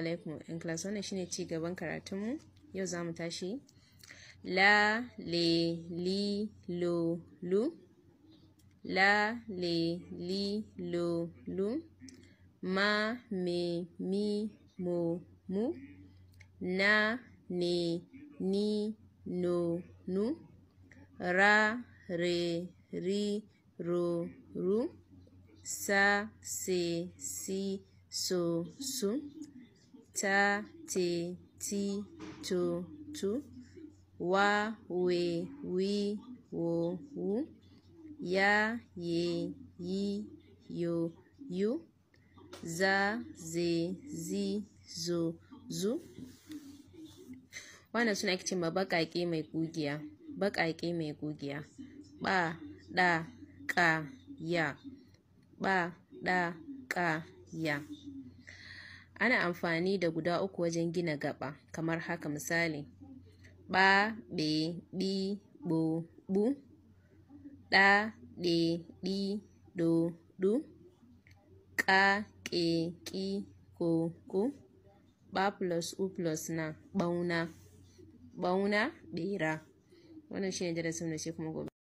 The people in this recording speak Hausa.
alaikum in class wannan shine ci gaban karatunmu yau za mu tashi la le li lo lu la le li lo lu ma me mi mo mu na ne ni no nu ra re ri ro ru sa se si so su ta te ti to tu wa we wi wo wu ya ye yi yo yu za ze zi zo zu wannan suna ake cewa ma baƙaƙe mai kugiya baƙaƙe mai kugiya ba da ka ya ba da ka ya ana amfani da guda uku wajen gina gaba kamar haka misali ɓa ɓe bi bo bu ɗa ɗe ɗi do du ƙa ƙe ƙi ko ku ɓa plus u plus na ɓauna bauna ɓera wannan shine darasin da shi kuma gobe